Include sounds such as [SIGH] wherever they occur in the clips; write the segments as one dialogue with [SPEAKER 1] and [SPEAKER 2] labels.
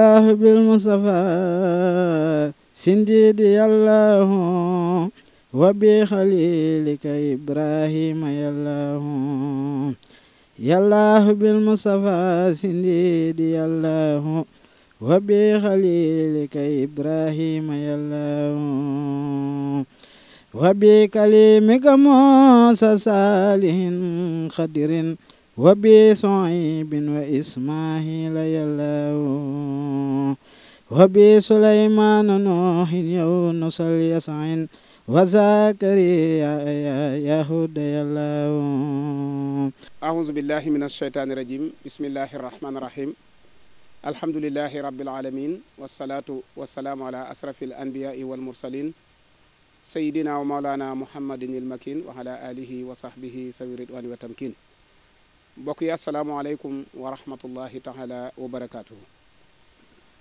[SPEAKER 1] الله بالمصطفى سنديدي الله وبخليلك إبراهيم يا الله يا الله بالمصطفى سنديدي الله وبخليلك إبراهيم يا الله وبكلمك موسى صالح خدر وبي صعيب وإسماعيل يلاو وبي سليمان نوح يونس اليسعين وزكريا يهود يلاو
[SPEAKER 2] أعوذ بالله من الشيطان الرجيم بسم الله الرحمن الرحيم الحمد لله رب العالمين والصلاة والسلام على أشرف الأنبياء والمرسلين سيدنا ومولانا محمد المكين وعلى آله وصحبه سوي الرضوان والتمكين mbokk yi asalaamaaleykum wa rahmatullahi taala wa barakaatuhu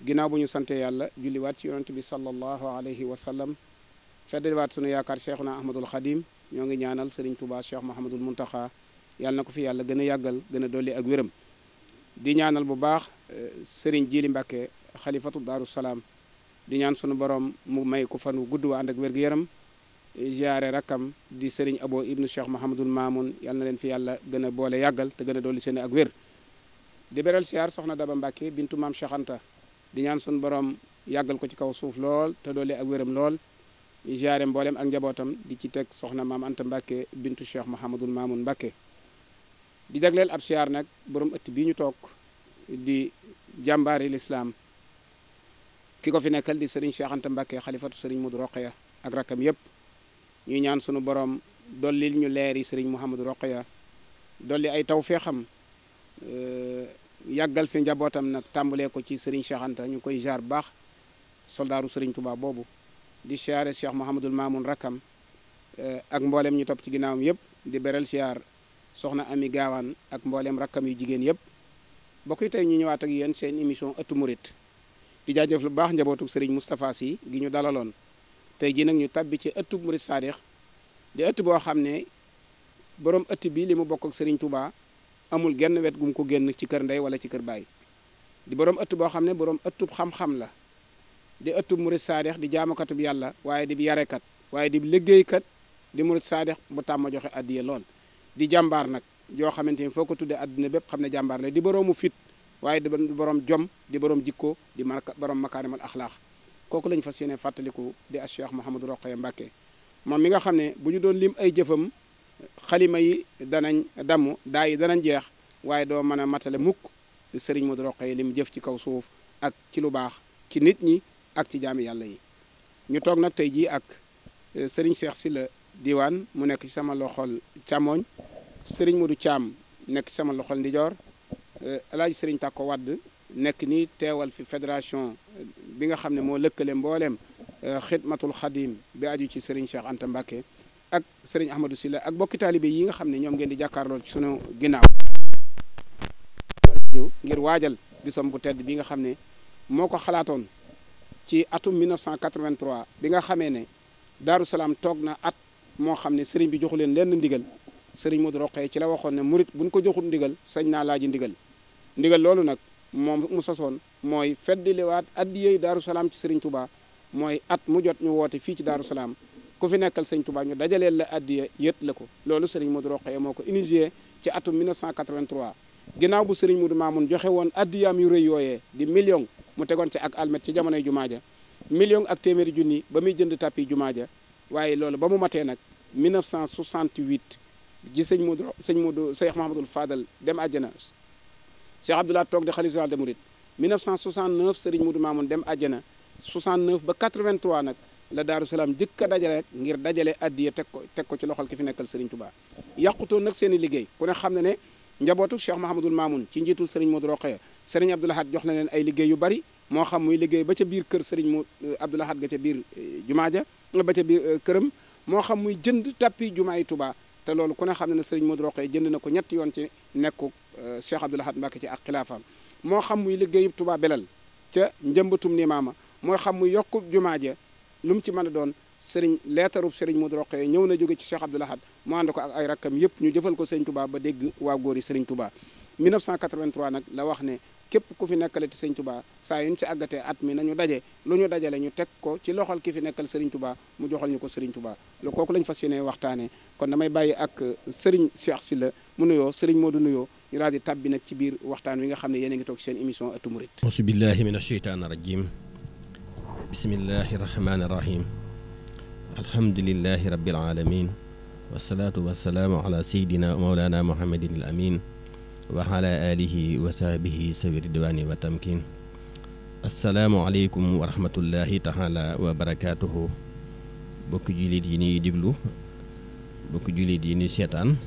[SPEAKER 2] ginnaaw bu ñu sante yàlla julliwaat ci yonent bi sallallahu alayhi wa sallam feddaliwaat sunu yaakaar cheikhuna ahmadul xadim ñoo ngi ñaanal sëriñ tubaa cheikh mahamadul muntaxa yàlla na ko fi yàlla gën a yàggal gën a dolli ak wéram di ñaanal bu baax eh, sëriñ jili mbàkke xalifatu daaru salaam di ñaan sunu borom mu may ko fan gudd wa ànd ak wér-gu-yaram ziare rakkam di sëriñ Abo ibnu Cheikh Mouhamadul Mamoun yàlla na leen fi yàlla gën a boole yàggal te gën a dolli seen ak wér di beral siyaar soxna Daba Mbacke bintu maam Cheikh Anta di ñaan sun borom yàggal ko ci kaw suuf lool te dolli ak wéram lool ziare mboolem ak di ci teg soxna maam Anta Mbacke bintu Cheikh Mouhamadul Mamoun Mbacke di jagleel ab siyaar nag borom ëtt bii ñu toog di jàmbaari lislaam ki ko fi nekkal di Serigne Cheikh Anta Mbacke xalifatu Serigne Modou Rokhaya ak rakkam yépp ñu ñaan sunu borom dollil ñu leer yi sëriñ Mouhamadou Rokhaya dolli ay taw tawféexam euh, yàggal fi njabootam nag tàmbalee ko ci sëriñ Cheikh ñu koy jaar baax soldaaru sëriñ Touba boobu di siyaare Cheikh Mouhamadul Mamoun rakkam euh, ak mboolem ñu topp ci ginnaawam yëpp di beral siyaar soxna Ami Gaawaan ak mboolem rakkam yi jigéen yëpp bokk yi ñu ñëwaat ak yéen seen émission ëttu murit di jaajëf lu baax njabootu sëriñ Moustapha Sy gi ñu dalaloon. tey jii nag ñu tabbi ci ëttu murid saadix di ëtt boo xam ne borom ëtt bii li mu bokk ak sëriñ Touba amul genn wet gum ko génn ci kër ndey wala ci kër baay di borom ëtt boo xam ne borom ëttub xam-xam la di ëttub murid saadix di jaamakatub yàlla waaye di yarekat waaye di liggéeykat di murid saadix bu tàmm joxe addiya lool di jàmbaar nag yoo xamante ni foo ko tuddee àdduna bépp xam ne jàmbaar la di boroomu fit waaye di boroom jom di borom jikko di borom makaarimal axlaax kooku lañu fas yéene fàttaliku di Cheikh Mouhamadou Rokhaya Mbacké moom mi nga xam ne bu ñu doon lim ay jëfam xalima yi danañ damm daa yi danañ jeex waaye doo mën a matale mukk sëriñ Modou Rokhaya lim jëf ci kaw suuf ak ci lu baax ci nit ñi ak ci jaami yàlla yi ñu toog nag tey jii ak euh, sëriñ si la Diwane mu nekk ci sama loxol càmmooñ sëriñ Modou Thiam nekk ci sama loxol ndijoor euh, alaaji sëriñ Takko Wadd nekk nii teewal fi fédération bi nga xam ne moo lëkkale mbooleem euh, xidmatul xadim bi aju ci Serigne Cheikh Anta Mbacké ak Serigne Ahmadou Sylla ak bokki taalibe yi nga xam ne ñoom ngeen di jàkkaarloo ci sunu ginnaaw ngir waajal bisom bu tedd bi nga xam ne moo ko xalaatoon ci atum 1983 bi nga xamee ne Daaru Salaam toog na at moo xam ne Serigne bi joxu leen lenn ndigal Serigne Modou Rokhaya ci la waxoon ne murit buñ ko joxul ndigal sañ naa laaj ndigal ndigal loolu nag moom mu sosoon mooy feddiliwaat addiyey daaru salaam ci sëriñ tubaa mooy at mu jot ñu woote fii ci daaru salaam ku fi nekkal sëriñ tubaa ñu dajaleel la addiya yët la ko loolu sëriñ Modou Rokhaya moo ko initié ci atum 1983 ginnaaw bu sëriñ Modou Mamoun joxe woon addiyaam yu rëy yooyee di million mu tegoon ci ak almet ci jamonoy jumaa ja million ak téeméeri junni ba muy jënd tapis jumaa ja waaye loolu ba mu matee nag 1968 ji sëñ mu sëñ Modou Cheikh Mahamadul Fadal dem àjjana Cheikh Abdoulaye toog di xalif général des mourides 1969 Serigne Modou Mamoun dem àjjana 69 ba 83 nag la Daaru jëkk a dajale ngir dajale addiya teg ko teg ko ci loxol ki fi nekkal Serigne Touba yàqutoon nag seeni liggéey ku ne xam ne ne njabootu Cheikh Mahamadul Mamoun ci njiitul Serigne Modou Rokhaya Serigne Abdoul Ahad jox na leen ay liggéey yu bari moo xam muy liggéey ba ca biir kër Serigne mu euh, Abdoul Ahad ga ca biir euh, jumaa ja ba ca biir euh, këram moo xam muy jënd tappi jumaa yi Touba te loolu ku ne xam ne ne Serigne Modou Rokhaya jënd na ko ñetti yoon ci nekku Euh, Cheikh Abdoul Ahad Mbacké ci ak xilaafaam moo xam muy liggéeyub Touba Belel ca njëmbatum nimaama mooy xam muy yokkub jumaa ja lu mu ci mën a doon sëriñ leetarub sëriñ Modou Rokhaya ñëw na jóge ci Cheikh Abdoul Ahad mu ànd ko ak ay rakkam yëpp ñu jëfal ko sëriñ Touba ba dégg waa góor yi sëriñ Touba 1983 nag la wax ne képp ku fi nekkalati sëriñ Touba saa yu ci àggatee at mi nañu daje lu ñu dajale ñu teg ko ci loxol ki fi nekkal sëriñ Touba mu joxal ñu ko sëriñ Touba lu kooku lañ fas yéene waxtaanee kon damay bàyyi ak sëriñ Cheikh la mu nuyoo sëriñ Modou nuyoo ñu daal di tàbbi nag ci biir waxtaan wi nga xam ne yéen a ngi toog seen émission Ëttu Murid
[SPEAKER 3] auzu billaahi mina sheytaani rajiim bismillaahi rahmaani rahiim alhamdulillaahi rabbil aalamiin wasalaatu wasalaamu ala seydina mawlaana muhammadin al amiin wa ala aalihi wa sahbihi sawi ridwaani wa tamkiin assalaamu aleykum wa rahmatullaahi taala wa barakaatuhu bokki jullit yi ñuy déglu bokki jullit yi ñuy seetaan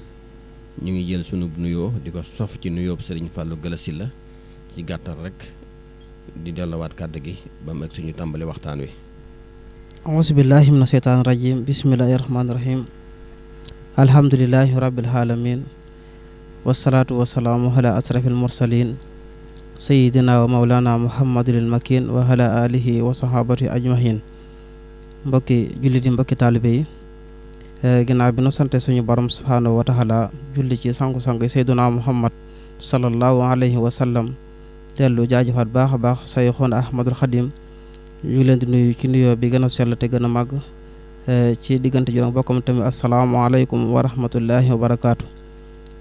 [SPEAKER 3] ñu ngi jël sunu nuyoo di ko sof ci nuyoo Serigne Fallou Gallassi la ci gàttal rek di delluwaat kàddu gi ba mu suñu tàmbali waxtaan
[SPEAKER 1] wi. auzu billahi mina sheytaani rajiim bismillahi rahmaani rahiim alhamdulillahi rabbil aalamiin wasalaatu wasalaamu ala asrafil mursaliin sayidina mawlana muhammadulil makin wa alihi wa ajmahin mbokki jullit yi mbokki taalibe yi Eh, ginnaaw bi nu sante suñu borom subhaanahu wa taala julli ci sangu-sangu sayduna muhammad sallallahu alayhi wa sallam dellu jaajëfaat baax a baax sayxoon ahmadul xadim ñu ngi leen di nuyu ci nuyoo bi gën a sell te gën a màgg eh, ci diggante juróom bokkam tamit asalaamaaleykum wa rahmatullahi wa barakaatu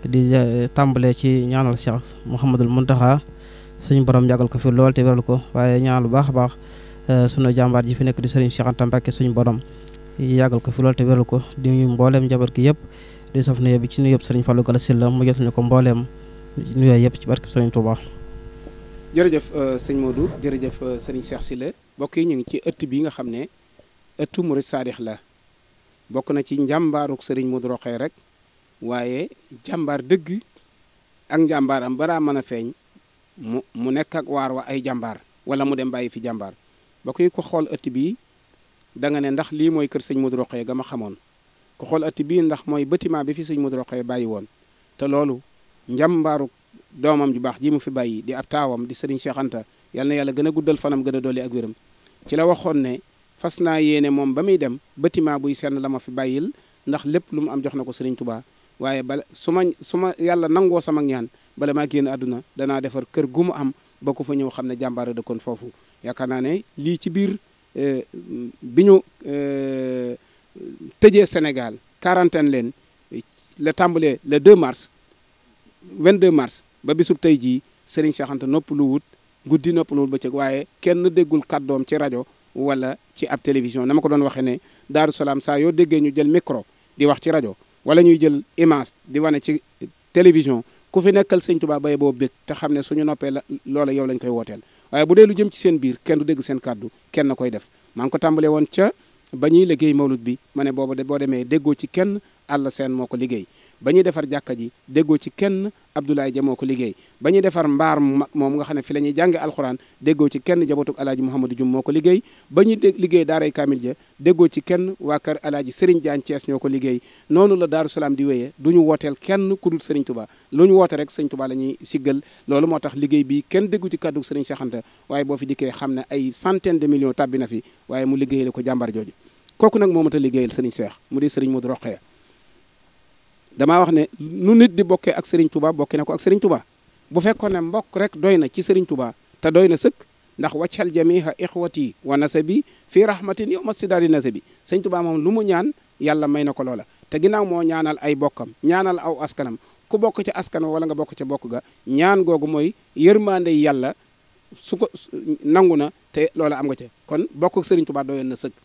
[SPEAKER 1] di eh, tàmbalee ci ñaanal cheikh mouhamadul muntaxa suñu borom yàggal ko fi lool te wéral ko waaye ñaanal baax a baax sunu jàmbaar ji fi nekk di sëriñ Cheikh Anta Mbacke suñu borom yàggal ko fi loolu te wéral ko di nuyu mbooleem njaboot gi yëpp di sof nuyoo bi ci nuyoo sëriñ Fallou Gala Sylla mu jotal ñu ko mbooleem nuyoo yëpp ci barke sëriñ
[SPEAKER 2] Touba. jërëjëf euh, sëñ Modou jërëjëf euh, sëriñ Cheikh Sylla mbokk yi ñu ngi ci ëtt bi nga xam ne ëttu murid saadix la bokk na ci njàmbaaruk sëriñ Modou Rokhaya rek waaye jàmbaar dëgg ak njàmbaaram baraa mën a feeñ mu mu nekk ak waar wa ay jàmbaar wala mu dem bàyyi fi jàmbaar mbokk ko xool ëtt bi da nga ne ndax lii mooy kër sëñ Modou Rokhaya ga ma xamoon ko xool ati bii ndax mooy bâtiment bi fi sëñ Modou Rokhaya bàyyi woon te loolu njàmbaaru doomam ju baax ji mu fi bàyyi di ab taawam di sëriñ Cheikh Anta yal na yàlla gën a guddal fanam gën a dolli ak wéram ci la waxoon ne fas naa yéene moom ba muy dem bâtiment buy senn la ma fi bàyyil ndax lépp lu mu am jox na ko sëriñ Touba waaye bala su ma su ma yàlla nangoo sama ñaan bala maa génn àdduna danaa defar kër gu mu am ba fa ñëw xam ne jàmbaara dëkkoon foofu Euh, bi ñu euh, tëjee Sénégal quarantaine leen la tàmbalee le 2 mars 22 mars ba bisub tey jii Serigne Cheikh Anta noppalu wut guddi noppalu wut bëccëg waaye kenn déggul kàddoom ci rajo wala ci ab télévision na ma ko doon waxee ne Daaru Salaam saa yoo déggee ñu jël micro di wax ci rajo wala ñuy jël image di wane ci télévision ku fi nekkal sëñ Tuubaa baye boo bég te xam ne suñu noppee la loola yow lañ koy wooteel waaye bu dee lu jëm ci seen biir kenn du dégg seen kàddu kenn koy def maa ngi ko tàmbalee woon ca ba ñuy liggéey mawlud bi ma ne booba boo demee déggoo ci kenn àll seen moo ko liggéey ba ñu defar jàkka ji déggoo ci kenn Abdoulaye Ja moo ko liggéey ba ñu defar mbaar mu mag moom nga xam ne fi la ñuy jànge alxuraan déggoo ci kenn jabotuk alaaji Mouhamadou Dioum moo ko liggéey ba ñuy liggéey daaray kaamil ja déggoo ci kenn waa kër alaaji Serigne Diagne Thiès ñoo ko liggéey noonu la Daaru Salaam di wéyee du ñu wooteel kenn ku dul Serigne Touba lu ñu woote rek Serigne tubaa la ñuy siggal loolu moo tax liggéey bi kenn déggu ci kàddu Serigne Cheikh waaye boo fi dikkee xam ne ay centaine de millions na fi waaye mu liggéeyal ko jàmbar jooju kooku nag moo mat a liggéeyal Serigne Cheikh mu di Serigne Modou Rokhaya damaa wax ne nu nit di bokkee ak Serigne Touba bokke na ko ak Serigne Touba bu fekkoon ne mbokk rek doy na ci Serigne Touba te doy na sëkk ndax waccal jamiha ixwati wa nasabi fii rahmatin yow masidaadi nasabi Serigne Touba moom lu mu ñaan yàlla may na ko loola te ginnaaw moo ñaanal ay bokkam ñaanal aw askanam ku bokk ca askan wala nga bokk ca bokk ga ñaan googu mooy yërmande yàlla su ko nangu na te loola am nga ca kon bokk Serigne Touba doyoon na sëkk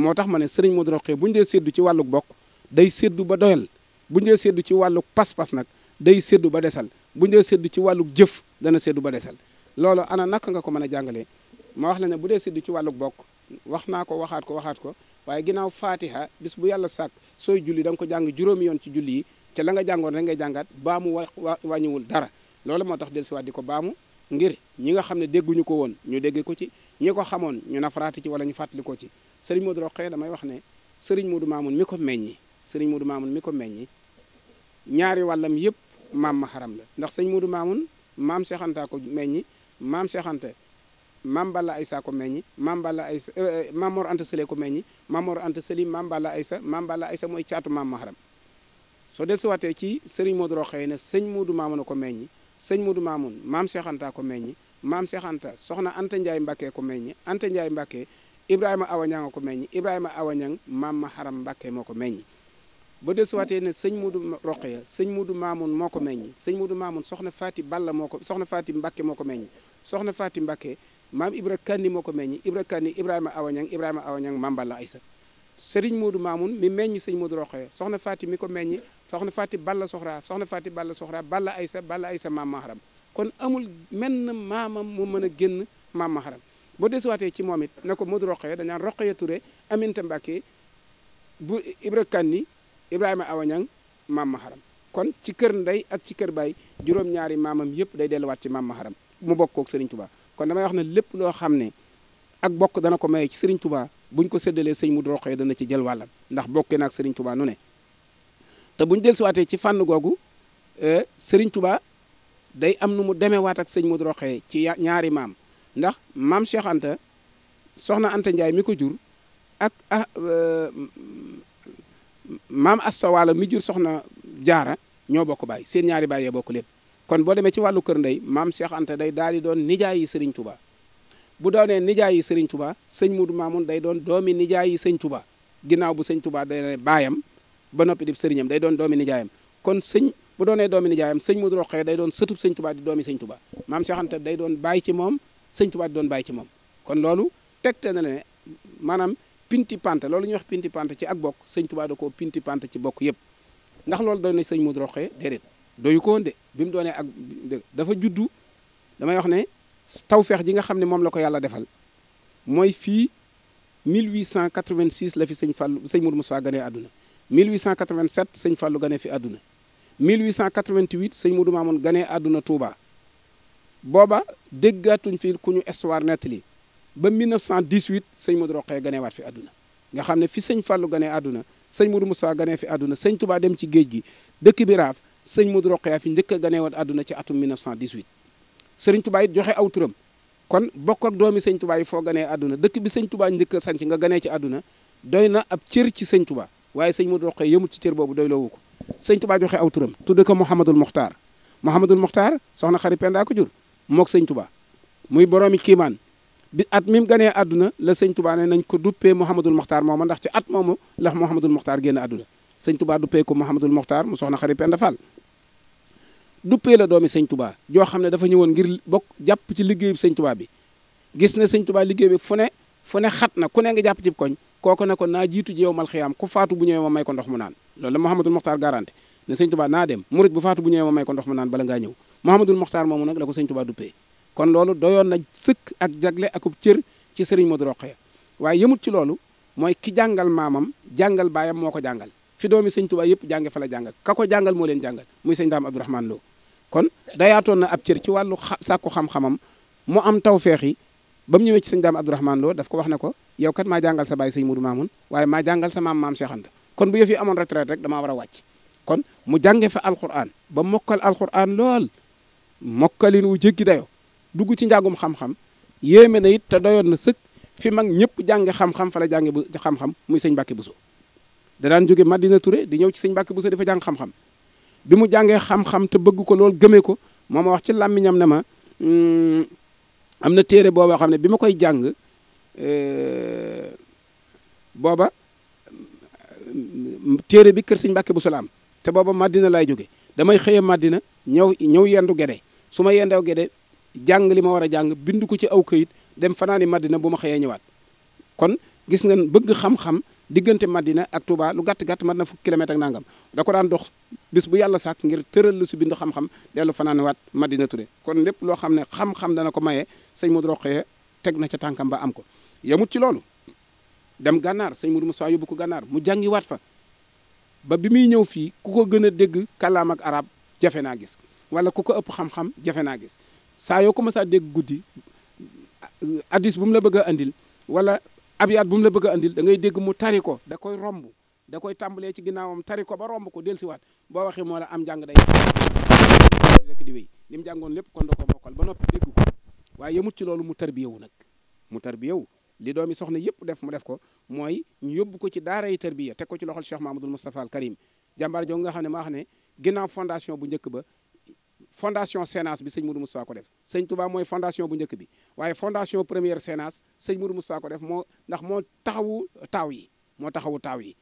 [SPEAKER 2] moo tax ma ne Serigne Modou Rokhaya bu ñu dee séddu ci wàllu bokk day séddu ba doyal bu ñu dee séddu ci wàllu pas-pas nag day séddu ba desal bu ñu dee séddu ci wàllu jëf dana séddu ba desal loolu ana naka nga ko mën a jàngalee ma wax la ne bu dee séddu ci wàllu bokk wax naa ko waxaat ko waxaat ko waaye ginnaaw faatiha bis bu yàlla sàkk sooy julli da nga ko jàng juróomi yoon ci julli yi ca la nga jàngoon rek ngay jàngaat baamu wa wàññiwul dara loolu moo tax dellusiwaat di ko baamu ngir ñi nga xam ne dégguñu ko woon ñu dégg ko ci ñi ko xamoon ñu nafaraati ci wala ñu fàttali ko ci sëriñ Modou Rokhaya damay wax ne sëriñ Modou Mamoun mi ko meññi sëriñ Modou Mamoun mi ko meññi ñaari wàllam yëpp maam ma xaram la ndax sëñ Modou Mamoun maam Cheikh ko meññi maam Cheikh Anta maam Balla Aysa ko meññi maam Balla Aysa euh, euh, ko meññi maam Mor Anta Sëli maam Balla Aysa maam mooy caatu maam soo del ci sëriñ Modou Rokhaya ne sëñ Modou Mamoun ko meññi sëñ Modou Mamoun maam Cheikh maam Cheikh soxna Anta Ndiaye Mbacke ko meññi Anta Ndiaye Mbacke Ibrahima Awa Ñang ko meññi Ibrahima Awa Ñang maam ma xaram Mbacke moo ko meññi ba desuwaatee ne sëñ Mudu Roqaya sëñ Mudu Maamun moo ko meññ sëñ Mudu Maamun soxna Faati Balla moo ko soxna Faati Mbàkke moo ko meññ soxna Faati mbakke maam Ibra Kanni moo ko meññ Ibra Kanni Ibrahima Awañang Ibrahima Awañang Maam Balla Aysa sëriñ Mudu Maamun mi meññ sëñ Mudu Roqaya soxna Faati mi ko meññ soxna Faati Balla Soxra soxna Faati Balla Soxra Balla Aysa Balla Aysa Maam Maharam kon amul menn maamam mu mën a génn Maam Maharam ba desuwaatee ci moom it ne ko Mudu Roqaya dañaan Roqaya Ture Aminta Mbàkke bu Ibra Kanni Ibrahima Awa Niang maam Maharam kon ci kër ndey ak ci kër baay juróom-ñaari maamam yëpp day delluwaat ci maam Maharam mu bokk kook Serigne Touba kon damay wax na lépp loo xam ne ak bokk dana ko maye ci Serigne Touba buñ ko séddalee sëñ mu roqee dana ci jël wàllam ndax bokkee na ak Serigne Touba buñ dellusiwaatee ci fànn googu e, Serigne Touba day am nu mu waat ak sëñ mu roqee ci ñaari maam ndax maam Cheikh soxna Anta Ndiaye mi ko jur ak ah. E, maam Asta Wala mi jur soxna jaara ñoo bokk baay seen ñaari baay yee bokk lépp kon boo demee ci wàllu kër ndey maam Cheikh day daal di doon nijaay yi Serigne Touba bu doonee nijaay yi Serigne Touba sëñ Moudou Mamoun day doon doomi nijaay yi sëñ Touba ginnaaw bu sëñ Touba day doon baayam ba noppi di sëriñam day doon doomi nijaayam kon sëñ bu doonee doomi nijaayam sëñ Moudou Rokhaya day doon sëtub sëñ Touba di doomi sëñ Touba maam Cheikh day doon baay ci moom sëñ Touba di doon baay ci moom kon loolu tegte na ne maanaam pinti pante loolu ñuy wax pinti pante ci ak bokk sëñ Tuubaa koo pinti pante ci bokk yëpp ndax loolu doy na sëñ Modou Rokhaya déedéet doyu ko woon de bi mu doonee ak dafa juddu damay wax ne tawfeex ji nga xam ne moom la ko yàlla defal mooy fii 1886 la fi sañ sëñ Fallou sëñ Modou Moussa ganee àdduna 1887 sëñ Fallou ganee fi àdduna 1888 sëñ Modou Mamoun ganee àdduna Touba booba déggaatuñ fi ku ñu histoire nettali ba 1918 sëñ Modou Rokhaya ganeewaat fi àdduna nga xam ne fi sëñ Fallou ganee àdduna sëñ Modou Moussa ganee fi àdduna sëñ Touba dem ci géej gi dëkk bi raaf sëñ mu Modou Rokhaya fi njëkk a ganeewaat àdduna ci atum 1918 sëriñ Touba it joxe aw turam kon bokk ak doomi sëñ Touba yi foo ganee àdduna dëkk bi sëñ Touba njëkk a sanc nga ganee ci àdduna doy na ab cër ci sëñ Touba waaye sëñ mu Modou Rokhaya yëmut ci cër boobu doy loowu ko sëñ Touba aw turam tudde ko Mouhamadul Mokhtar Mouhamadul Mokhtar soxna xarit Penda ko jur mook sëñ Touba muy boroomi kiimaan bi at mi mu ganee àdduna la sëñ tubaa ne nañ ko duppee Mouhamadul Mokhtar mooma ndax ci at moomu la Mouhamadul Mokhtar génn àdduna sëñ tubaa duppee ko Mouhamadul Mokhtar mu soxna xarit Penda Fall duppee la doomi sëñ tubaa joo xam ne dafa ñëwoon ngir bokk jàpp ci liggéeyu sëñ tubaa bi gis ne sëñ tubaa liggéey bi fu ne fu ne xat na ku ne nga jàpp ci koñ kooku ne ko naa jiitu ji bu naa dem murit bu faatu bu ñëwee ma may ko ndox mu naan bala ngaa ñëw Mouhamadul Mokhtar moomu nag la ko sëñ tubaa duppee kon loolu doyoon na sëkk ak jagle akub cër ci sëriñ Modou Rokhaya waaye yëmut ci loolu mooy ki jàngal maamam jàngal baayam moo ko jàngal fi doomi sëñ Tuubaa yëpp jànge fa la jàngal jàngal moo leen jàngal muy sëñ Daam Abdourahmane Lo kon dayaatoon na ab cër ci wàllu sàkku xam mu am tawfeex yi ba ñëwee ci sëñ Daam daf ko wax ne ko yow kat maa jàngal sa baay sëñ Modou Mamoun waaye maa jàngal sa maam maam Cheikh kon bu yëf yi amoon retraite rek damaa a wàcc kon mu jànge fa alquran ba mokkal alquran lool mokkalin wu jéggi dayo dugg ci njàngum xam-xam yéeme na it te doyoon na sëkk fi mag ñëpp jànge xam-xam fa la jànge bu xam-xam muy sëñ Mbàkke Buso danaan jóge Madina Touré di ñëw ci sëñ Mbàkke Buso dafa jàng xam-xam bi mu jàngee xam-xam te bëgg ko lool gëmee ko moo ma wax ci làmmiñam ne ma hmm, am na téere booba xam ne bi ma koy jàng eh, booba mm, téere bi kër sëñ Mbàkke bu sola am te booba Madina laay jóge damay xëye Madina ñëw ñëw yendu gede su ma yendew gede jàng li ma war a jàng bind ko ci aw kayit dem fanaani Madina bu ma xëyee ñëwaat kon gis ngeen bëgg xam-xam diggante Madina ak Touba lu gàtt-gàtt mat na fukki kilomètre ak nangam da ko daan dox bis bu yàlla sàkk ngir tëral lu si bindu xam-xam dellu fanaaniwaat Madina Touré kon lépp loo xam ne xam-xam dana ko maye sëñ Modou Rokhaya teg na ca tànkam ba am ko yemut ci loolu dem gànnaar sëñ Modou Moussa yóbbu ko gànnaar mu jàngiwaat fa ba bi muy ñëw fii ku ko gën a dégg kàllaam arab jafe naa gis wala ku ko ëpp xam jafe naa gis saa yoo commencé dégg guddi addis bu mu la bëgg indil andil wala abiyaat bu mu la bëgg a andil da ngay dégg mu tari ko da koy romb da koy tàmbalee ci ginnaawam tari ko ba romb ko dellusiwaat boo waxee moo la am njàng day rek di li mu jàngoon lépp kon da ko mokkal ba nopp dégg ko waaye yemut ci loolu mu tarbiyewu nag mu tarbiyewu li doomi soxna yëpp def mu def ko mooy ñu yóbbu ko ci daara yi tarbiya te ko ci loxol Cheikh Mahamadul Moustapha al Karim jàmbaar jo nga xam ne maa xam ne ginnaaw fondation bu njëkk ba fondation Sénas bi sëñ Mourou Moustapha ko def sëñ tuba mooy fondation bu njëkk bi waaye fondation première Sénas sëñ Mourou Moustapha ko def moo ndax moo taxawu taaw yi moo taxawu taaw yi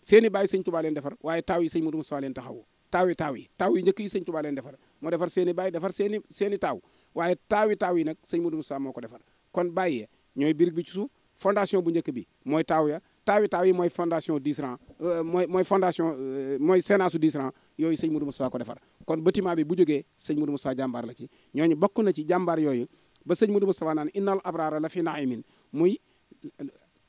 [SPEAKER 2] seeni bàyyi sëñ Touba leen defar waaye taaw yi sëñ Mourou Moustapha leen taxawu taaw yi taaw yi taaw yi njëkk yi sëñ Touba defar moo defar seeni bàyyi defar seeni seeni taaw waaye taaw yi yi nag sëñ Mourou ko defar kon bàyyee ñooy birig bi ci suuf fondation bu njëkk bi mooy taaw ya taaw yi taaw yi mooy fondation 10 rang euh, mooy mooy fondation euh, mooy Sénasu 10 yooyu sëñ Modou Moustapha ko defar kon bâtiment bi bu jógee sëñ Modou Moustapha jàmbaar la ci ñooñu bokk na ci jàmbaar yooyu ba sëñ Modou Moustapha naan innal abraara la fi naimin muy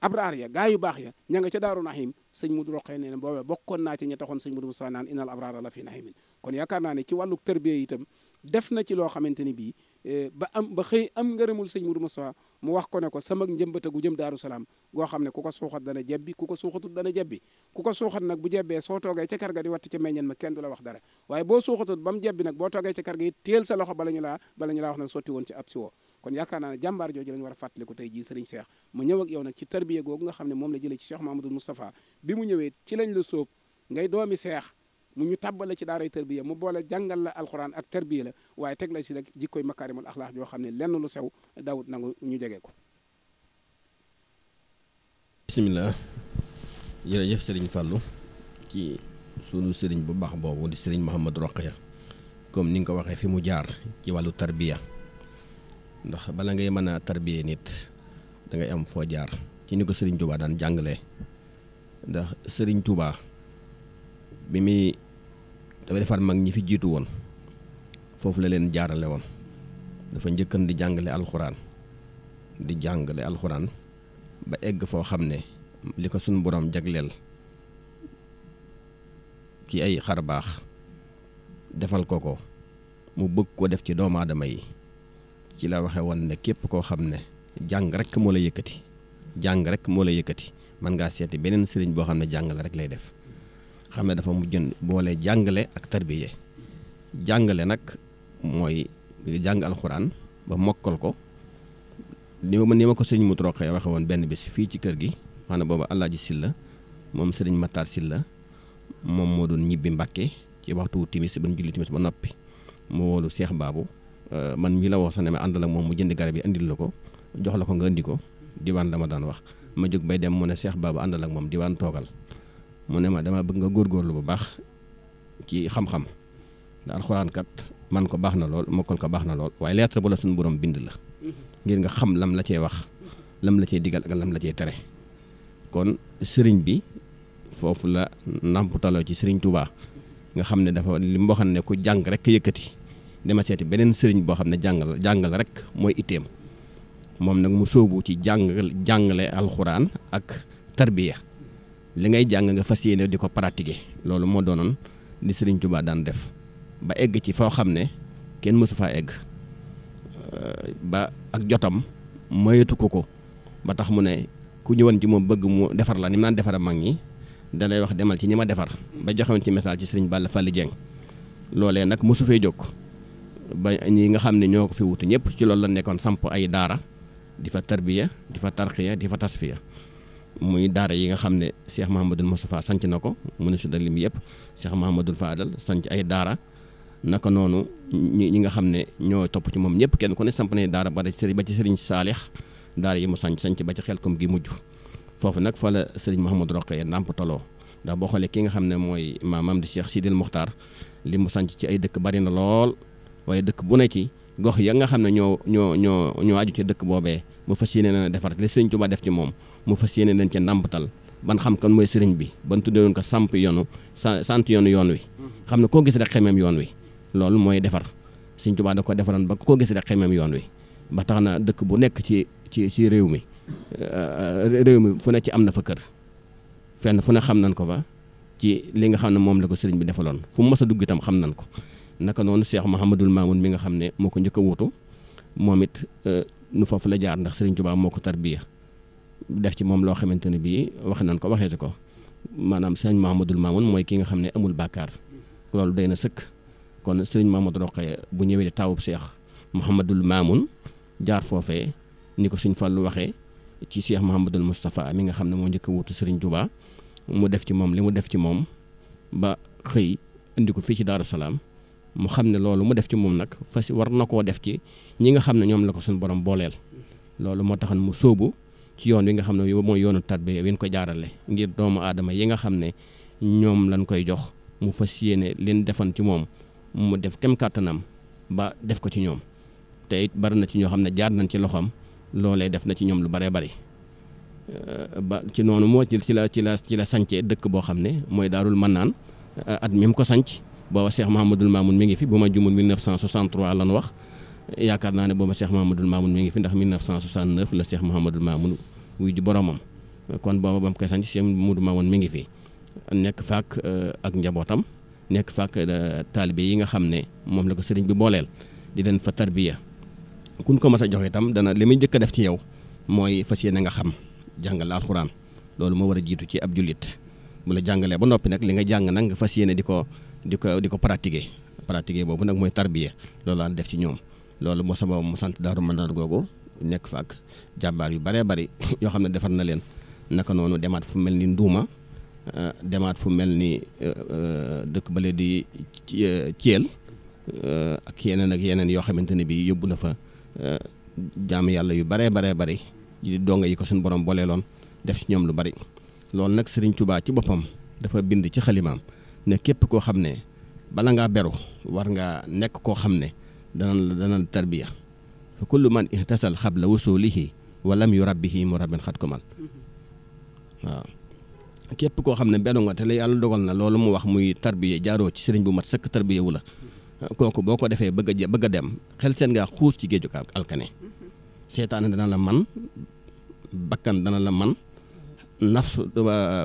[SPEAKER 2] abraar ya gaa yu baax ya ña nga ca daaru nahim sëñ Modou Roqee nee na booba bokkoon naa ci ña taxoon sëñ Modou Moustapha naan innal la fi naimin kon yaakaar naa ne ci wàllu tërbiye itam def na ci loo xamante ni bii eh, ba am ba xëy am ngërëmul sëñ Modou Moustapha mu wax ko ne ko sama njëmbata gu jëm daaru salaam goo xam ne ku ko suuxat dana jebbi ku ko suuxatul dana jebbi ku ko suuxat nag bu jebbee soo toogee ca kar ga di watt ca meññeen ma kenn du la wax dara waaye boo suuxatul ba mu jebbi nag boo toogee ca kar ga it téel sa loxo bala ñu laa bala ñu laa wax ne sotti woon ci ab si woo kon yaakaar naa ne jàmbaar jooju lañu war a fàttaliku tey jii sëriñ Cheikh mu ñëw yow nag ci tarbiya googu nga xam ne moom la jëlee ci Cheikh Mamadou Moustapha la sóob ngay doomi Cheikh mu ñu tàbbal la ci daaray tarbiya mu boole jàngal la alxuraan ak tarbiya la waaye teg la ci rek jikkoy makaarimul axlaax yoo xam ne lenn lu sew dawut nangu ñu jege ko.
[SPEAKER 3] bisimilah jërëjëf Serigne Fallou ci sunu Serigne bu baax boobu di Serigne Mouhamadou Rokhaya comme ni nga ko waxee fi mu jaar ci wàllu tarbiya ndax bala ngay mën a tarbiya nit dangay am foo jaar ci ni ko Serigne Touba daan jàngale ndax Serigne Touba bi muy dafa defaat mag ñi fi jiitu woon foofu la leen jaarale woon dafa njëkkan di jàngale alxuraan di jàngale alxuraan ba egg foo xam ne li ko sunu borom jagleel ci ay xar baax defal ko ko mu bëgg ko def ci doomu yi ci la waxe woon ne képp koo xam ne jàng rekk moo la yëkkati jàng rek moo la yëkkati mën ngaa seeti beneen sëriñ boo xam ne jàngale rek lay def xam ne dafa mu mujjën boole jàngale ak tarbiye jàngale nag mooy jàng alxuraan ba mokkal ko ni ma ni ma ko sëñ mu troqee waxe woon benn bis fii ci kër gi maanaam booba Alaaji Silla moom sëriñ Matar Silla moom moo doon ñibbi Mbàkke ci waxtu timis ba ñu julli timis ba noppi mu woolu Seex Baabu euh, man mii la woo sax ne ma àndal ak moom mu jënd garab yi indil la ko jox la ko nga indi ko diwaan la ma daan wax ma jóg bay dem mu ne Seex Baabu àndal ak moom diwaan toogal mu ne ma dama bëgg nga góor góorlu bu baax ci xam-xam da alxuraan man ko baax na lool mokkal ko baax na lool waaye lettre bu la suñu borom bind la ngir nga xam lam la cee wax lam la cee digal ak lam la cee tere kon sëriñ bi foofu la nàmputaloo ci sëriñ Touba nga xam ne dafa li mu waxoon ne ko jàng rek yëkkati dama seeti beneen sëriñ boo xam ne jàngal jàngal rek mooy itteem moom nag mu sóobu ci jàng jàngale alxuraan ak tarbiya li ngay jàng nga fas yéene di ko pratiquer loolu moo doonoon li Serigne Touba daan def ba egg ci foo xam ne kenn mësu faa egg euh, ba ak jotam mayatu ko ko ba tax mu ne ku ñëwoon ci moom bëgg mu defar la ni mu naan mag ñi da lay wax demal ci ñi ma defar ba joxoon ci message ci Serigne Balla Fall Dieng loolee nag mësu fee jóg ba ñi nga xam ne ñoo ko fi wutu ñëpp ci loolu la nekkoon samp ay daara di fa tarbiya di fa tarxiya di fa tasfiya muy daara yi nga xam ne Cheikh Mahamadul Moustapha sanc na ko mu si su da lim yëpp Cheikh Mahamadul Fadal sanc ay daara naka noonu ñi ñi nga xam ne ñoo topp ci moom ñëpp kenn ku ne samp ne daara ba ci ba ci sëriñ Saalix daara yi mu sanc sanc ba ci xel kom gi mujj foofu nag fa la sëriñ Mahamadou Roqee ndàmp taloo ndax boo xoolee ki nga xam ne mooy maamam di sii Cheikh Sidil Muxtaar li mu sanc ci ay dëkk bari na lool waaye dëkk bu ne ci gox ya nga xam ne ñoo ñoo ñoo ñoo aju dëkk boobee mu fas yéene na defar li sëriñ Tuubaa def ci moom mu fas yéene nañ ca ndàmbatal ban xam ka mooy sëriñ bi ban tuddee woon ko samp yoonu sa sant yoonu yoon wi xam ne koo gis rek yoon wi loolu mooy defar sëriñ Tuubaa da ko defaroon ba koo gis rek xemeem yoon wi ba tax na dëkk bu nekk ci ci ci réew mi euh, réew mi fu ne ci am na fa kër fenn fu ne xam nañ ko fa ci li nga xam ne moom la ko sëriñ bi defaloon fu mu mës a dugg itam xam nañ ko naka noonu seex mu Mouhamadul Mamoun mi nga xam ne moo ko njëkk a moom it euh, nu foofu la jaar ndax Serigne Touba moo ko tarbiya def ci moom loo xamante ne bii wax nañ ko waxee waxeeti ko maanaam sëñ Mahamadul Mamoun mooy ki nga xam ne amul bàkkaar loolu day na sëkk kon Serigne Mamadou Rokhaya bu ñëwee di taawub Cheikh Mouhamadul Mamoun jaar foofee ni ko suñ lu waxee ci Cheikh Mouhamadul Moustapha mi nga xam ne moo njëkk wutu wuutu Serigne Touba mu def ci moom li mu def ci moom ba xëy indi ko fii ci Daaru Salaam. mu xam ne loolu mu def ci moom nag fas war na koo def ci ñi nga xam ne ñoom la ko suñu borom booleel loolu moo taxoon mu sóobu ci yoon wi nga xam ne mooy yoonu tarbiya wi ko jaarale ngir doomu aadama yi nga xam ne ñoom lañ koy jox mu fas yéene leen defoon ci moom mu def kem kàttanam ba def ko ci ñoom te it bari na ci ñoo xam ne jaar nañ ci loxoom loolee def na ci ñoom lu baree bari ba ci noonu moo ci la ci la ci la sancee dëkk boo xam ne mooy daarul mannaan at mi ko sanc booba Cheikh Mahamadul Mamoun mi ngi fi bu ma jumul 1963 lan wax yaakaar naa ne booba Cheikh Mahamadul Mamoun mi ngi fi ndax 1969 la Cheikh Mahamadul Mamoun wuy ji boromam kon booba ba mu koy sanc Cheikh Mahamadul Mamoun mi ngi fi nekk faak euh, ak njabootam nekk faak euh, taalibe yi nga xam ne moom la ko sëriñ bi booleel di leen fa tarbiya kun ko mas a joxe itam dana li muy njëkk a def ci yow mooy fas yéene nga xam jàngale alxuraan loolu moo war a jiitu ci ab jullit bu la jàngalee ba noppi nag li nga jàng nag nga fas yéene di ko. di ko di ko pratiquer pratiquer boobu nag mooy tarbiya loolu daan def ci ñoom loolu moo sama mu sant daaru manaan googu nekk fa ak jàmbaar yu bëree bëri [LAUGHS] yoo xam ne defar na leen naka noonu demaat fu mel ni Nduuma euh, demaat fu mel ni euh, euh, dëkk bële di ci Thiel ak yeneen ak yeneen yoo xamante ne bi yóbbu na fa jaam yàlla yu bëree baree bëri di donga yi ko suñu borom booleeloon def ci ñoom lu bëri loolu nag sëriñ Touba ci boppam dafa bind ci xalimaam ne képp koo xam ne bala ngaa beru war nga nekk koo xam ne danañ la danañ tarbiya fa kullu man itasal xab la ihtasal xabla wusulihi wa lam mu murabbin xat ko man waaw képp koo xam ne beru nga te la yàlla dogal na loolu mu wax muy tarbiya jaaroo ci sëriñ bu mat sëkk tarbiya wu la kooku boo ko defee bëgg a a dem xel seen ngaa xuus ci géeju alkane seetaan dana la man bakkan dana la man nafsu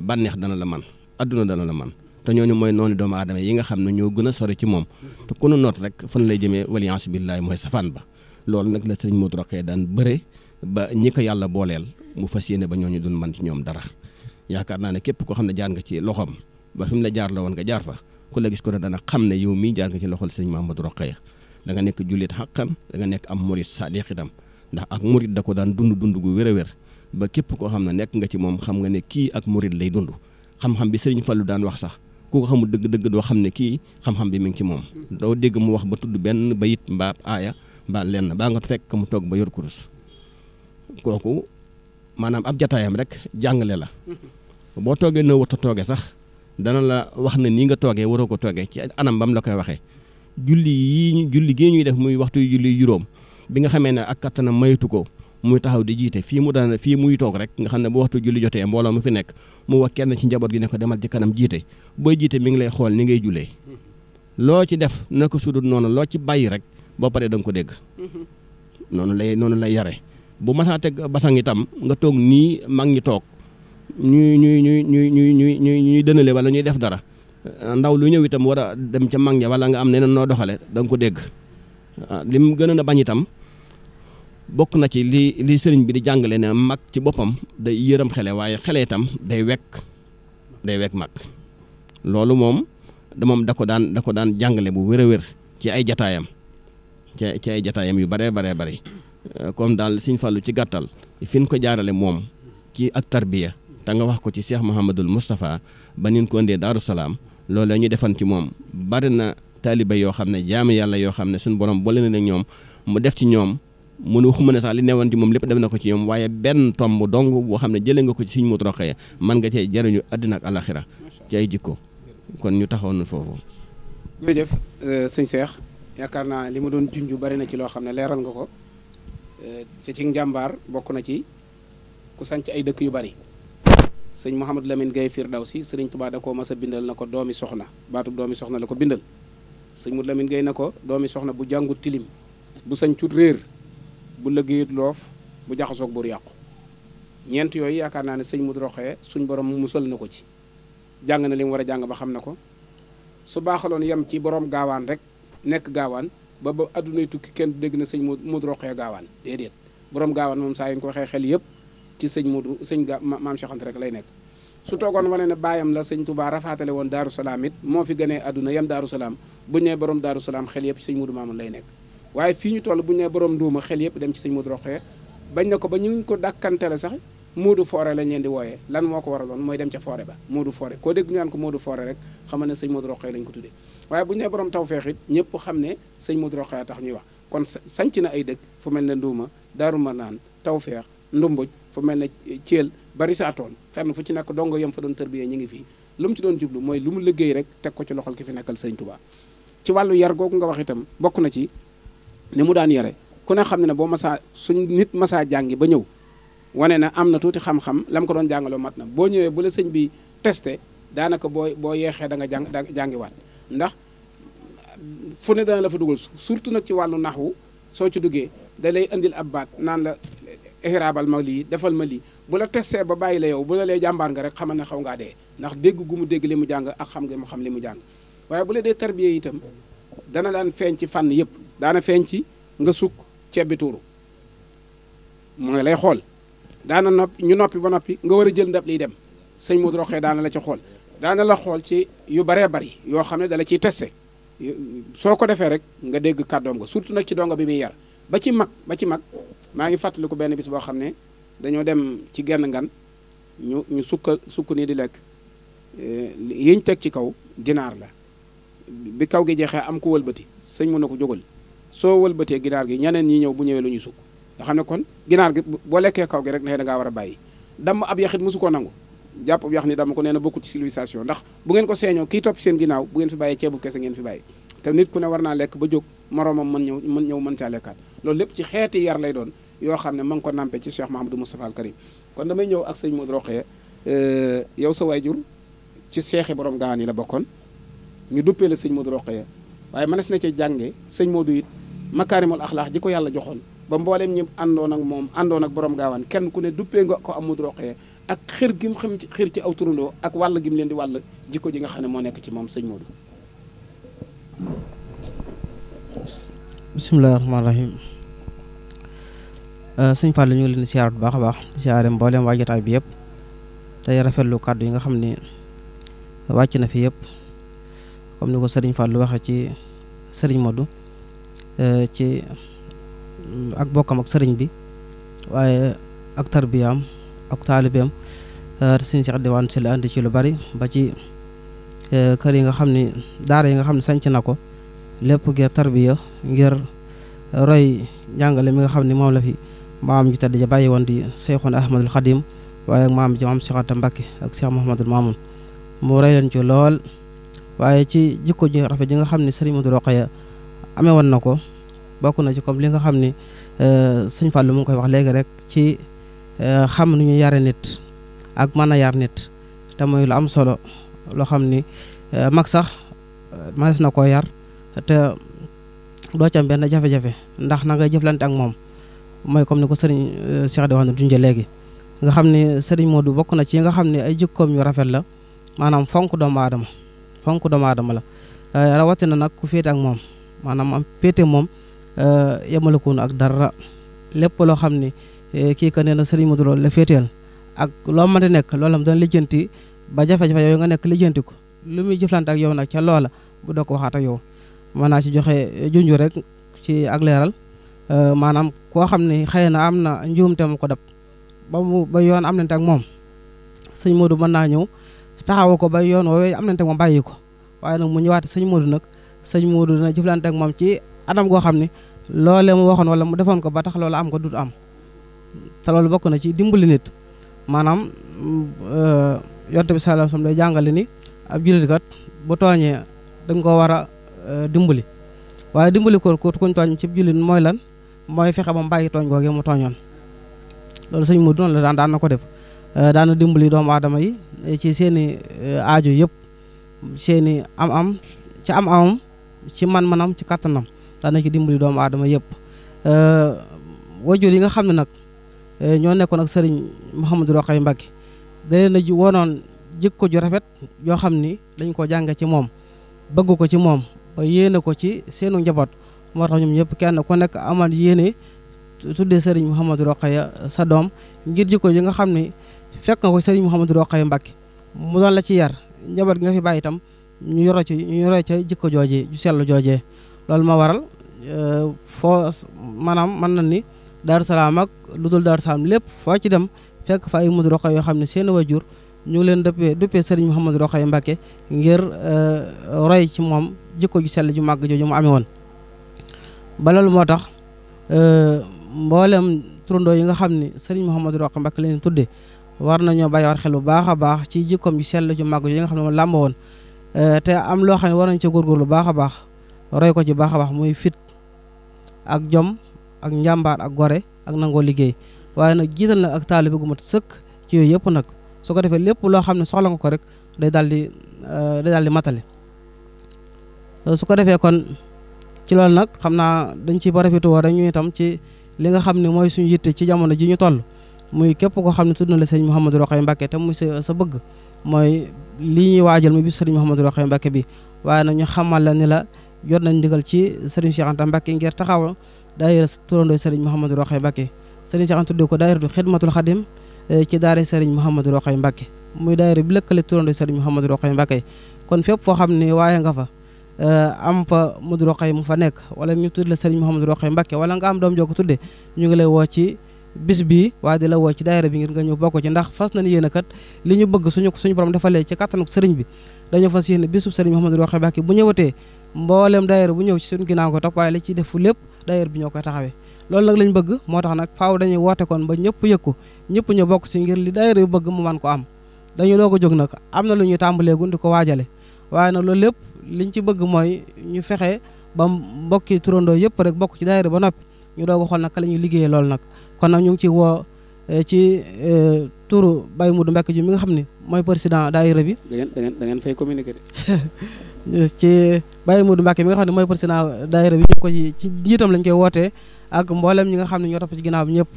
[SPEAKER 3] bànneex dana la man adduna dana la man te ñooñu mooy noonu doomu aadama yi nga xam ne ñoo gën a sore ci moom te ku nu noot rek fan lay jëmee waliyansu billaahi mooy safaan ba loolu nag la sëriñ Modou Rokhaya daan bëre ba ñi ko yàlla booleel mu fas yéene ba ñooñu duñ man ci ñoom dara yaakaar naa ne képp koo xam ne jaar nga ci loxoom ba fi mu la jaar la woon nga jaar fa ku la gis ko ne dana xam ne yow mii jaar ci loxol sëriñ Mamadou Rokhaya da nga nekk jullit xaqan da nga nekk am murit sadiq itam ndax ak murit da ko daan dund dund gu wér wér ba képp koo xam ne nekk nga ci moom xam nga ne kii ak murit lay dund xam-xam bi sëriñ lu daan wax sax ku ko xamul dëgg-dëgg doo xam ne kii xam bi mi ngi ci moom doo dégg mu wax ba tudd benn ba it mbaa aaya mbaa lenn baa nga fekk mu toog ba yor kurus kooku maanaam ab jataayam rek jàngale la boo toogee noo warta tooge sax dana la wax ne nii nga toogee waroo ko toogee ci anam bam la koy waxee julli yi julli gii ñuy def muy waxtu julli juróom bi nga xamee ne ak kattanam mayatu ko muy taxaw di jiite fii mu daan fii muy toog rek nga xam ne bu waxtu julli jotee mbooloo mu fi nekk mu wax kenn ci njaboot gi ne ko demal ci kanam jiite booy jiite mu ngi lay xool ni ngay jullee loo ci def na ko sudul noonu loo ci bàyyi rek boo paree danga ko dégg noonu lay noonu lay yare bu masaa teg basang itam nga toog nii mag ñi toog ñuy ñuy ñuy ñuy ñuy ñuy ñuy ñuy dënale wala ñuy def dara ndaw lu ñëw itam war a dem ca mag ña wala nga am neneen noo doxale da nga ko dégg ah, lim gën na bañ itam bokk na ci li li sëriñ bi di jàngale ne mag ci boppam day yërëm xele waaye xele itam day wekk day wekk mag loolu moom da da ko daan da ko daan jàngale bu wér a wér ci ay jataayam ci ci ay jataayam yu baree baree bëri euh, comme daal Sëriñ Fallu ci gàttal fi ko jaarale moom ci ak tarbiya te nga wax ko ci Cheikh Mouhamadul Moustapha ba nin ko indee Daaru Salaam loolu la ñu defan ci moom bari na taaliba yoo xam ne jaami yàlla yoo xam ne suñu borom boole na ne ñoom mu def ci ñoom mu ne waxuma ne sax li newoon ci moom lépp def na ko ci ñoom waaye benn tomb dong boo xam ne jëlee nga ko ci suñ mu troxee man nga cee jariñu àddina ak alaxira ci ay jikko kon ñu taxawoon foofu.
[SPEAKER 2] jërëjëf euh, sëñ Cheikh yaakaar naa li ma doon junj bari na ci loo xam ne leeral nga ko ci euh, ci njàmbaar bokk na ci ku sanc ay dëkk yu bari sëñ Mouhamadou Lamine Gaye Firdawsi sëriñ Tuubaa da koo mas a bindal na ko doomi soxna baatub doomi soxna la ko bindal sëñ Mouhamadou Lamine Gaye na ko doomi soxna bu jàngut tilim bu sañcut réer. bu lëggéeyut loof bu jaxasoog buur yàqu ñeent yooyu yaakaar naa ne sëñ mu roxee suñ borom musal na ko ci jàng na li mu war a jàng ba xam ne ko su baaxaloon yam ci borom gaawaan rek nekk gaawaan ba ba addunay tukki kenn dégg na sañ sëñ Modou Rokhaya gaawaan déedéet borom gaawaan moom saa yu ñu ko waxee xel yëpp ci sëñ Modou sëñ gaa maam Cheikh Anta rek lay nekk. su toogoon wane ne baayam la sëñ Touba rafaatale woon Darou Salaam it moo fi gënee adduna yem Darou Salaam bu ñu nee borom Darou Salaam yëpp ci sëñ Modou Mamoun lay nekk. waaye fii ñu toll bu ñu nee borom nduuma xel yëpp dem ci sëñ Modou Rokhaya bañ na ko ba ñu ngi ko dàkkantale sax Modou Foore lañ leen di wooyee lan moo ko waraloon mooy dem ca Foore ba Modou Foore koo dégg ñu naan ko Modou Foore rek xamal ne sëñ Modou Rokhaya lañ ko tuddee waaye bu ñu nee borom tawféex it ñëpp ne sëñ Modou Rokhaya tax ñuy wax kon sanc na ay dëkk fu mel ne nduuma Daaru Manaan tawféex ndumbuj fu mel ne Thiel bari saatoon fenn fu ci nekk dongo yam fa doon tërbiyee ñu ngi fii lu mu ci doon jublu mooy lu mu liggéey rek teg ko ci loxol ki fi nekkal sëñ Touba ci wàllu yar googu nga wax itam bokk na ci ni mu daan yore ku ne xam ne ne boo masaa suñ nit masaa jàngi ba ñëw wane na am na tuuti xam-xam la mu ko doon jàngaloo mat na boo ñëwee bu la sëñ bi testé daanaka boo boo yeexee da nga jàng da jàngiwaat ndax fu ne dana la fa dugal surtout nag ci wàllu nax wu soo ci duggee da lay indil ab baat naan la ihraabal ma lii defal ma lii bu la testé ba bàyyi la yow bu la lay jàmbaar nga rek xamal ne xaw ngaa dee ndax dégg gu mu dégg li mu jàng ak xam nga mu xam li mu jàng waaye bu la dee tarbiya itam dana daan feeñ ci fànn yëpp daana feeñ ci nga sukk ceeb bi tuuru mooy lay xool daana noppi ñu noppi ba noppi nga war a jël ndab liy dem sëñ Modou Rokhaya daana la ci xool daana la xool ci yu baree bari yoo xam ne dala ciy teste soo ko defee rek nga dégg kàddoom nga surtout nag ci dongo bi muy yar ba ci mag ba ci mag maa ngi fàttaliku benn bis boo xam ne dañoo dem ci genn ngan ñu ñu sukka sukk nii di lekk eh, yiñ teg ci kaw dinaar la bi kaw gi jeexee am ku wëlbati sëñ mu na ko jógal soo wëlbatee ginaar gi ñeneen ñi ñëw bu ñëwee lu ñu sukk nga xam ne kon ginaar gi boo lekkee kaw gi rek nee da war a bàyyi damm ab yaxit mosu ko nangu jàpp ab yax ni dama ko nee na bokku ci civilisation ndax bu ngeen ko seeñoo kii topp seen ginnaaw bu ngeen fi bàyyee ceebu kese ngeen nit ku ne war naa lekk ba jóg moroomam mën ñëw mën ñëw mën caa lekkaat loolu lépp ci xeeti yar lay doon yoo xam ne ma ngi ko nampé ci Cheikh Mahamadou Moustapha al Karim kon damay ñëw ak sëñ Modou Rokhaya euh, yow sa waajur ci seexi borom gaawaan yi la bokkoon ñu duppee la sëñ Modou Rokhaya waaye mënees na ci jànge sëñ Modou it makaarimul axlaax ji ko yàlla joxoon ba mbooleem ñi àndoon ak moom àndoon ak borom gaawaan kenn ku ne duppee nga ko amut roqee ak xër gi xam ci xër ci aw turandoo ak wàll gi leen di wàll jikko ji nga xam ne moo nekk ci moom sëñ Modou.
[SPEAKER 1] bisimilah rahmaani rahim euh, sëñ Fall ñu ngi leen di siyaar bu baax a baax di mbooleem waa jotaay bi yëpp rafetlu kàddu yi nga xam ni wàcc na fi yëpp comme ni ko sëriñ lu waxee ci sëriñ Modou. E, ci ak bokkam ak sëriñ bi waaye ak tarbiyaam ak taalibeem te suñu Cheikh Diwane si la andi ci lu bari ba ci e, kër yi nga xam ne daara yi nga xam ne sanc na ko lépp ngir tarbiya ngir roy njàngale mi nga xam ni moom la fi maam ju tedd ja bàyyi woon di Seyxuna Ahmadul Xadim waaye ak maam ji maam Cheikh Anta Mbacké ak Cheikh Mouhamadul Mamoun mu roy leen ci lool waaye ci jikko ji rafet ji nga xam ne sëriñ Modou Rokhaya amee woon na ko bokk na ci comme li nga xam ni euh, sëñ Fallou mu koy wax léegi rek ci euh, xam nu ñu yare nit ak mën a yar nit te mooy lu am solo loo xam ni euh, mag sax mënees na koo yar te doo ci am benn jafe-jafe ndax na nga jëflante ak moom mooy comme ni ko sëriñ Cheikh di wax na junje léegi nga xam ne sëriñ Modou bokk na ci nga xam ne ay jikkoom yu rafet la maanaam fonk doomu aadama fonk doomu aadama la rawatina nag ku féete ak moom maanaam am péete moom euh, yemale ko ak dara lépp loo xam ne eh, kii que nee na sëriñ Modou la féeteel ak loo mën a nekk loolam dana lijjanti ba jafe-jafe yooyu nga nekk lijjanti ko lu muy jëflante ak yow nag ca loola bu doo ko waxaat yow mën naa ci joxe eh, junju rek ci ak leeral euh, maanaam koo xam ne xëy na am na njuumte mu ko dab ba mu ba yoon am nante ak moom sëñ Modou mën naa ñëw taxawu ko ba yoon woowee am ko waaye nag mu ñëwaat sëñ Modou nag sëñ Modou dina jëflante ak moom ci anam goo xam ne loolee mu waxoon wala mu defoon ko ba tax loolu am ko du am te loolu bokk na ci dimbali nit maanaam eh, yonte bi sallallahu alayhi wasallam day jàngale ni ab jullit kat bu tooñee da ko koo war a eh, dimbali waaye dimbali ko ku kuñ tooñ ci jullit mooy lan mooy fexe ba mu bàyyi tooñ googee mu tooñoon loolu sëñ Modou noonu la daan daan na ko def eh, daan na dimbali doomu aadama yi ci seeni i aajo yëpp seen i am-am ci am-amam. ci man-manam ci kattanam dana ci dimbali doomu aadama yëpp euh, wajur yi nga xam ne nag euh, ñoo nekkoon nag sëriñ Mouhamadou Rokhaya Mbacké da leen a wonoon ju rafet yoo xam ni dañ koo jànge ci moom bëgg ko ci moom ba yéene ko ci seenu njaboot moo tax ñoom ñëpp kenn ku nekk amal yéene tuddee sëriñ Mouhamadou Rokhaya sa doom ngir jikko yi nga xam ne fekk ko sëriñ Mouhamadou Rokhaya Mbacké mu doon la ci yar njaboot gi nga fi bàyyi itam ñu yoro ci ñu yoro ca jikko jooje ju sell joojee loolu ma waral e, foo maanaam mën na ni Daaru Salaam ak lu dul daar Salaam lépp foo ci dem fekk fa ay Modou Rokhaya yoo xam ne seen wajur ñu ngi leen dëppee dëppee Serigne Mouhamadou Rokhaya Mbacké ngir e, roy ci moom jikko ju sell ju màgg jooju mu amee woon ba loolu moo tax e, mboolem turandoo yi nga xam ne Serigne Mouhamadou Rokhaya Mbacké leen tudde war nañoo bàyyi war xel bu baax a baax ci jikkoom ju sell ju màgg jooju nga xam ne moom làmb woon Euh, te am loo xam ne war nañ ca góorgóorlu baax a baax roy ko ci baax a baax muy fit ak jom ak njàmbaar ak gore ak nangoo liggéey waaye nag jiital na ak taalibe gu mat sëkk ci yooyu yëpp nag su ko defee lépp loo xam ne soxla nga ko rek day daal di euh, day daal di matale euh, su defee kon ci loolu nag xam naa dañ ci profité woo rek ñu itam ci li nga xam ne mooy suñu yitte ci jamono ji ñu toll muy képp koo xam ne su na la sëñ Mouhamadou Rokhaya Mbacké te mu sa sa bëgg mooy li ñuy waajal mu bis sëriñ Mouhamadou Rokhaya Mbacké bi waaye nag ñu xamal la ni la jot nañ ndigal ci sëriñ Cheikh Anta Mbacké ngir taxawal daayira turandoo sëriñ Mouhamadou ay Mbacké sëriñ Cheikh Anta tuddee ko daayiratu xidmatul xadim eh, ci daara sëriñ Mouhamadou Rokhaya Mbacké muy daayira bi lëkkale turandoo sëriñ Mouhamadou Rokhaya Mbacké kon fépp foo xam ne waaye nga fa eh, am fa Modou Rokhaya mu fa nekk wala ñu tudd la sëriñ Mouhamadou Rokhaya Mbacké wala nga am doom joo ko ñu ngi lay woo ci bis bii waaye di la woo ci daayira bi ngir nga ñëw bokk ci ndax fas nañ yéen a kat li ñu bëgg suñu suñu borom defalee ci kattanuk sëriñ bi dañoo fas yéene bisub sëriñ Mouhamadou Rokhaya Mbacké bu ñëwatee mboolem daayira bu ñëw ci suñu ginnaaw ko topp waaye la ciy def fu lépp daayira bi ñoo koy taxawee loolu nag lañ bëgg moo tax nag faaw dañuy woote kon ñëpp yëg ko ñëpp ñu bokk si ngir li daayira yu bëgg mu man ko am dañu loo ko jóg nag am na lu ñu tàmbalee gun di ko waajale waaye nag loolu lépp liñ ci bëgg mooy ñu fexe ba mbokki turandoo yëpp rek bokk ci daayira ba noppi ñu doog a nag ka la ñuy liggéeyee loolu nag kon nag ñu ngi ci woo eh, ci eh, turu bay Moudou Mbekk ji mi nga xam ne mooy président daayira bi.
[SPEAKER 2] da ngeen da ngeen da ngeen communiqué
[SPEAKER 1] de. [LAUGHS] ci Baye Moudou Mbekk nga xam ne mooy président daayira bi ñu ko ci ci njiitam lañ koy wootee ak mboolem ñi nga xam ne ñoo topp ci ginnaaw bi ñëpp.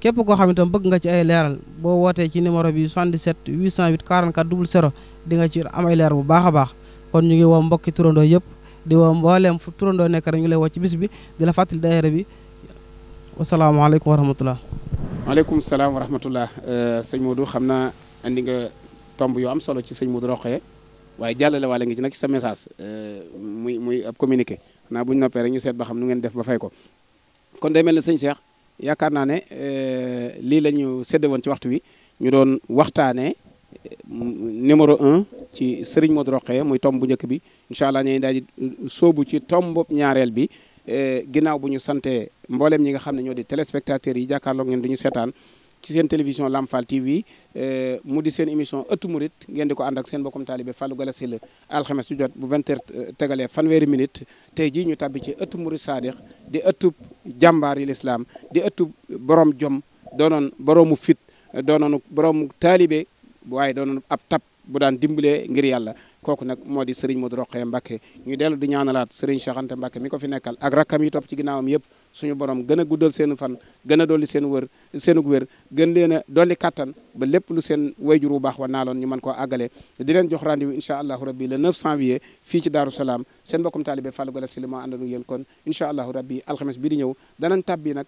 [SPEAKER 1] képp koo xam ne tam bëgg nga ci ay leeral boo wootee ci numéro bi 77 808 44 00 di nga ci am ay leer bu baax a baax kon ñu ngi woo mbokki turandoo yëpp di woo mbooleem fu turandoo nekk rek ñu lay woo ci bis bi di la fàttali daayira bi. wasalaamaaleykum wa rahmatulah.
[SPEAKER 2] maaleykum salaam wa rahmatulah euh, sëñ Modou xam naa andi nga tomb yoo am solo ci sëñ Modou Rokhaya waaye jàllale waale nga ci nag ci sa message euh, muy muy ab communiqué naa bu ñu noppee ñu seet ba xam nu ngeen def ba fay ko. kon day mel ne sëñ Cheikh yaakaar naa ne euh, lii la ñu séddee woon ci waxtu wi ñu doon waxtaanee numéro un ci sëriñ Modou Rokhaya muy tomb bu njëkk bi incha allah ñooy daal di ci tomb ñaareel bi ginnaaw bu ñu santee mbooleem ñi nga xam ne ñoo di téléspectateurs yi jàkkaarloog ngeen du ñu seetaan ci seen télévision Lamfal TV eh, mu di seen émission ëttu murit ngeen di ko ànd ak seen bokkum taalibe Fallou Galass Syll alxames du jot bu 20 heures eh, tegalee fanweeri minute tey jii ñu tabbi ci ëttu murit saadix di ëttub jàmbaar yi lislaam di ëttub borom jom doonoon boroomu fit doonoonu boroomu taalibe waaye doonoon ab tab bu daan dimbalee ngir yàlla kook nag moo di Serigne Modou Rokhaya Mbacké ñu dellu di ñaanalaat Serigne Cheikh Anta Mbacké mi ko fi nekkal ak rakkam yi topp ci ginnaawam yëpp suñu borom gën a guddal seenu fan gën a dolli seen wër seenug wér gën leen a dolli kattan ba lépp lu seen wayjur wu baax wa naaloon ñu mën koo àggale di leen jox rendez incha allahu rabbi le 9 janvier fii ci daaru salaam seen mbokkum taalibe Fallou Galass Syll moo àndanu yéen kon incha allahu rabbi alxames bi di ñëw danañ tàbbi nag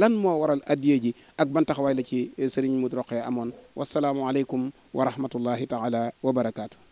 [SPEAKER 2] lan moo waral addiye ji ak ban taxawaay la ci eh, sëriñ Modou Rokhaya amoon wasalaamualeykum wa rahmatullahi taala wa barakaatu